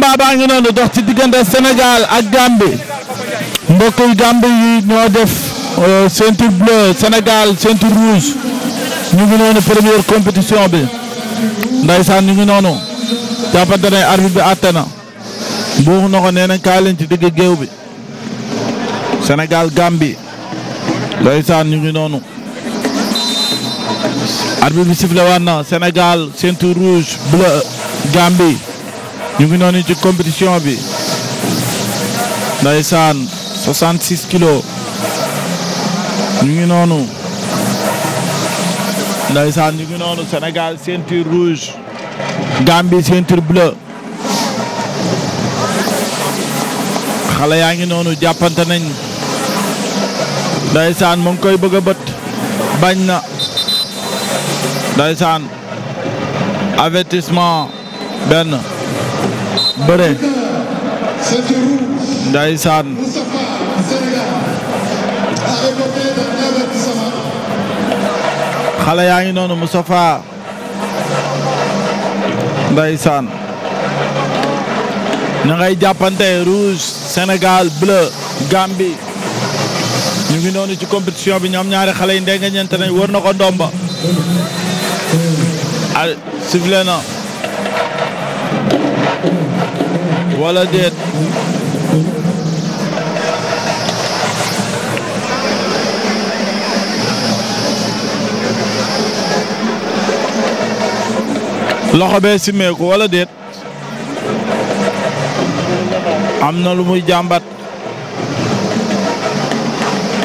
combat baa ngi noonu dox ci diggante Sénégal ak Gambie mbokku Gambie yi ñoo def euh, ceinture bleu Sénégal ceinture rouge ñu ngi noonu première compétition bi ndaysaan ñu ngi noonu jàppante ne arbitre bi àtte na buux na ko nee leen ci digg géew bi Sénégal Gambie ndaysaan ñu ngi noonu arbitre bi sifflé waat na Sénégal ceinture rouge bleu Gambie ñu ngi noonu ci compétition bi ndaysaan 66 kilo ñu ngi noonu ndaysaan ñu ngi noonu Sénégal ceinture rouge Gambie ceinture bleu xale yaa ngi noonu jàppante nañ ndaysaan mu ngi koy bëgg a bët bañ na ndaysaan avertissement benn bëre ndeysaan xale yaa ngi noonu Moustapha saan ñu ngay jàppante rouge Sénégal bleu Gambie ñu ngi noonu ci compétition bi ñoom ñaari xale yi ndenge ñeente nañ wër na ko ndomba a sifle walla déet loxo bee simmeeku wala déet am na lu muy jàmbat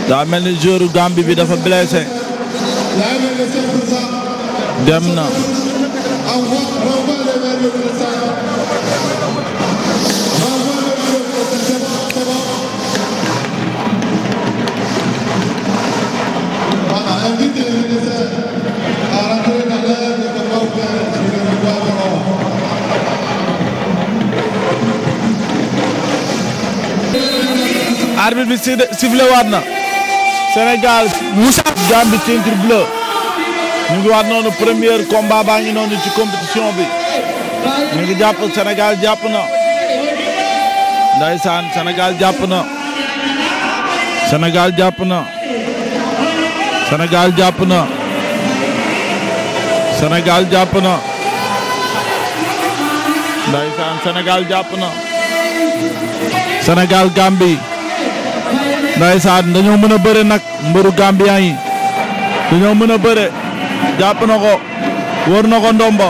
daa mel ni joueur gàmbi bi dafa blessé dem na si sifflé waat na Sénégal Moussa Gambie ceinture bleu ñu ngi waat noonu premier combat baa ci compétition bi ñu ngi jàpp Sénégal jàpp na ndaysaan Sénégal jàpp na Sénégal jàpp na Sénégal jàpp na Sénégal jàpp na ndaysaan jàpp na Sénégal Gambie ndeysaan dañoo mën a bëre nag mbëru Gambien yi dañoo mën bëre jàpp na ko wër na ko ndomba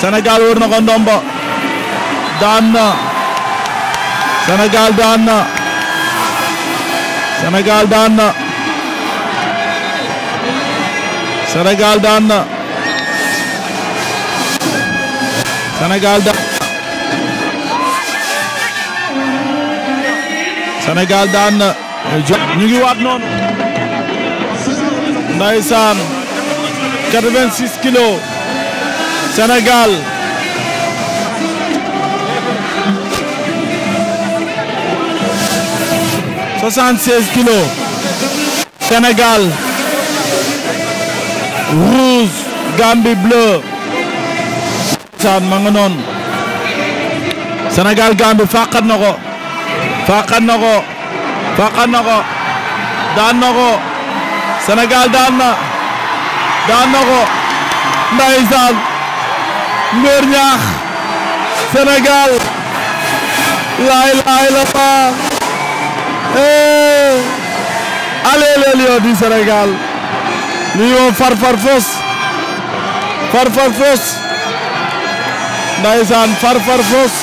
senegal wër na ndomba daan senegal Sénégal daan na senegal daan na Sénégal daan na ñu ngi waat noonu. Ndeysaan 86 kilos senegal soixante-seize kilos Sénégal rouge Gambie bleu ma nga noonu Sénégal Gambie faqat na ko faqat na ko faqan na ko daan na ko Sénégal daan na daan na ko ndeysaan mbir ñaax Sénégal laa ilaaha illallaah eh allez les lions du Sénégal lii moom far far fos far far fos ndeysaan far far fos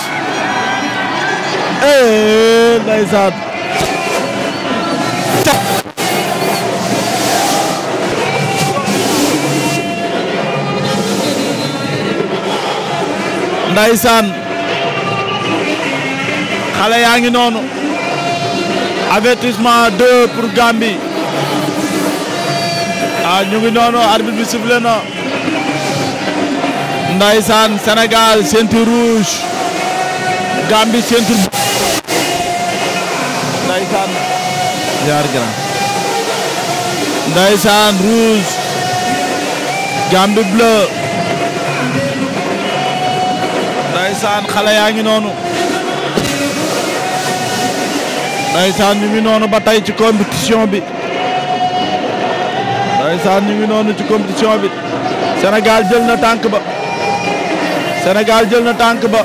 eh, ndaysaan xale yaa ngi noonu avertissement 2 pour Gambie ah ñu ngi noonu arbitre bi sifflé na ndaysaan Sénégal ceinture rouge Gambie ceinture ndaysaan jaar grand ndaysaan rouge Gambie bleu ndeysaan xale yaa ngi noonu ndeysaan ñu ngi noonu ba tey ci compétition bi ndeysaan ñu ngi noonu ci compétition bi Sénégal jël na tànk ba Sénégal jël na tànk ba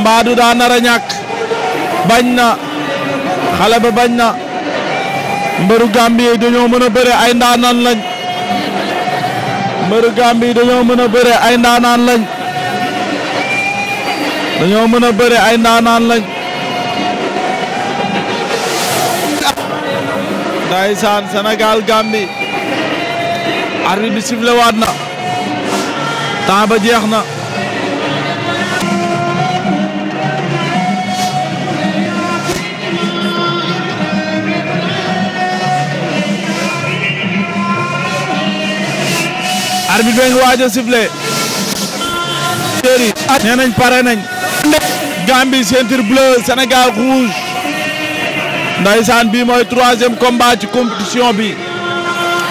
mbaadu daa nar a ñàkk bañ na xale ba bañ na mbëru gàmbi yi dañoo mën a bëre ay ndaanaan lañ mbëru Gambie yi dañoo mën a bëre ay ndaanaan lañ dañoo mën a bëre ay ndaanaan lañ. Ndeysaan Sénégal Gambie. arbitre bi sifflé waat na. temps ba jeex na. arbitre bi ngi waaj a sifflé. nee nañ pare nañ. Baldé Gambie ceinture bleue Sénégal rouge ndaysaan bi mooy troisième combat ci compétition bi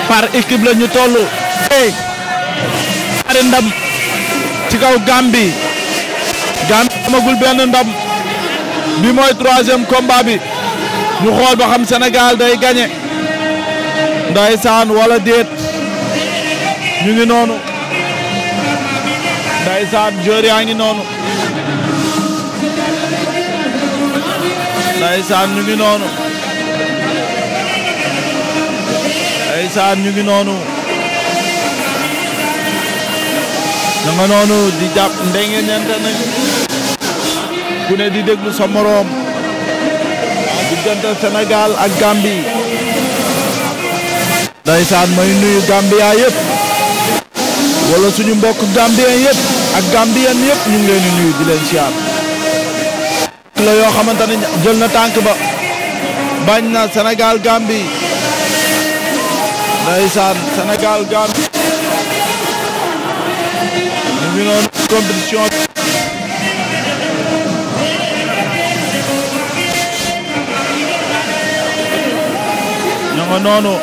par équipe la ñu toll ñaari ndam ci kaw Gambie Gambie amagul benn ndam bi mooy troisième combat bi ñu xool ba xam Sénégal day gagné ndaysaan wala déet ñu ngi noonu ndaysaan joueur yaa ngi noonu ndeysaan ñu ngi noonu ndeysaan ñu ngi noonu na noonu di jàpp ndenge ñente nañ ku ne di déglu sa moroom diggante Sénégal ak Gambie ndeysaan may nuyu Gambia yëpp wala suñu mbokk Gambien yëpp ak Gambien yëpp ñu ngi leen di nuyu di leen siyaar la yoo xamante ne jël na tànk ba bañ na Sénégal Gambie ndeysaan Sénégal Gambie ñu ngi noonu compétition bi ñu nga noonu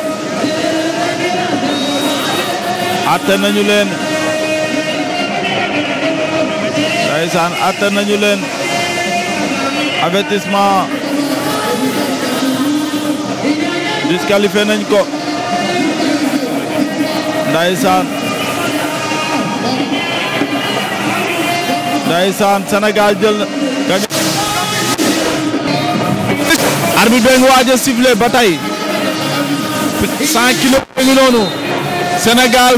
nañu leen avertissement disqualifié nañ ko ndaysaan ndaysaan Sénégal jël na arbitre bi ngi waaj a sifflé ba tey cent kilos bi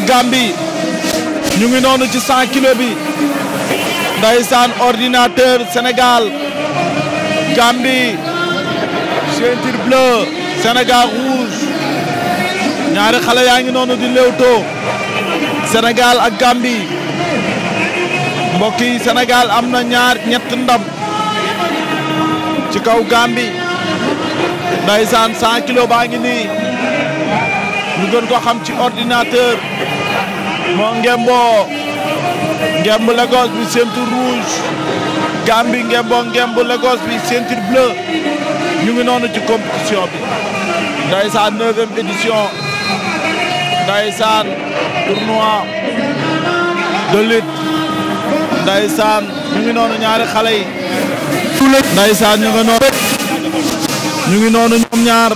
Gambie ñu ngi ci cent kilos bi ndaysaan ordinateur Sénégal Gambie ceinture bleu Sénégal rouge ñaari xale yaa ngi noonu di léewtoo Sénégal ak Gambie mbokki yi Sénégal am na ñaar ñett ndam ci kaw Gambie ndaysaan 100 kilos baa ngi nii ñu gën ko xam ci ordinateur moo ngemboo ngemb Lagos bi ceinture rouge Gambie ngemboo ngembu Lagos bi ceinture bleue ñu ngi noonu ci compétition bi ndaysaan neuvième édition ndaysaan tournoi de lutte ndaysaan ñu ngi noonu ñaari xale yi ndaysaan ñu ngi noonu ñoom ñaar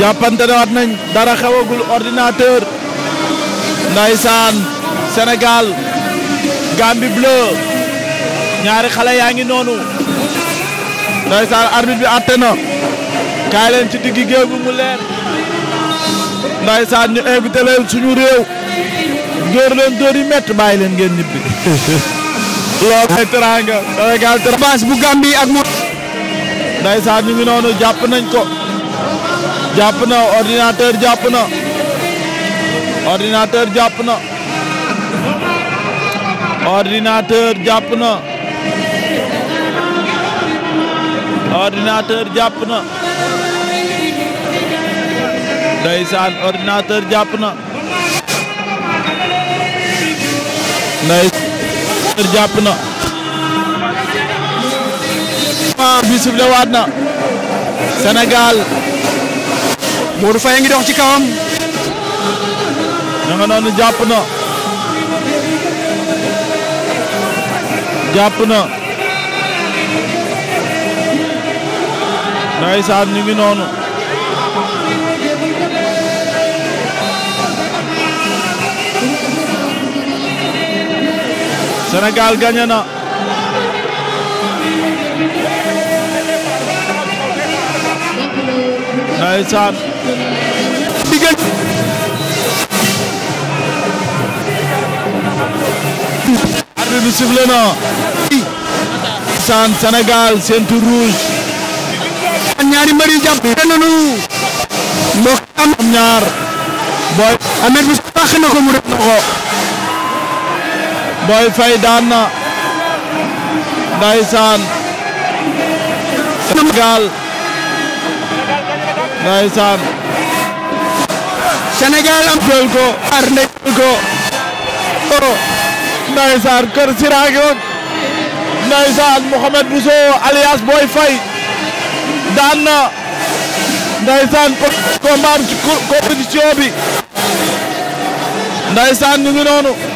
jàppante waat nañ dara xewagul ordinateur ndaysaan Sénégal Gambie bleu ñaari xale yaa ngi noonu ndeysaan arbitre bi atte na kaay leen ci diggi géew bi mu leer ndeysaan ñu invité leen suñu réew dóor leen dóor yi métti bàyyi leen ngeen ñibbi loolu ay teranga Sénégal teranga bu Gambie ak mo ndeysaan ñu ngi noonu jàpp nañ ko jàpp na ordinateur jàpp na ordinateur jàpp na ordinateur jàpp na ordinateur jàpp na ndeysaan ordinateur jàpp na ndeysaan jàpp na bi sifle waat na Sénégal Modou Faye ci kawam na noonu jàpp na jàpp na ndeysaan ñu ngi noonu Sénégal gagné na ndeysaan arbitre bi sifflé na saan Sénégal ceinture ñaari mbër yi jàpp nañu mbokk am ñaar booy amet bi baax na ko mu def na ko booy fay daan na ndaysaan Sénégal ndaysaan Sénégal am jël ko ar ndey ko o oh. ndaysaan kër siraag ndaysaan Mouhamed Bousso alias Boy Faye daan na ndaysaan combat ci compétition bi ndaysaan ñu ngi noonu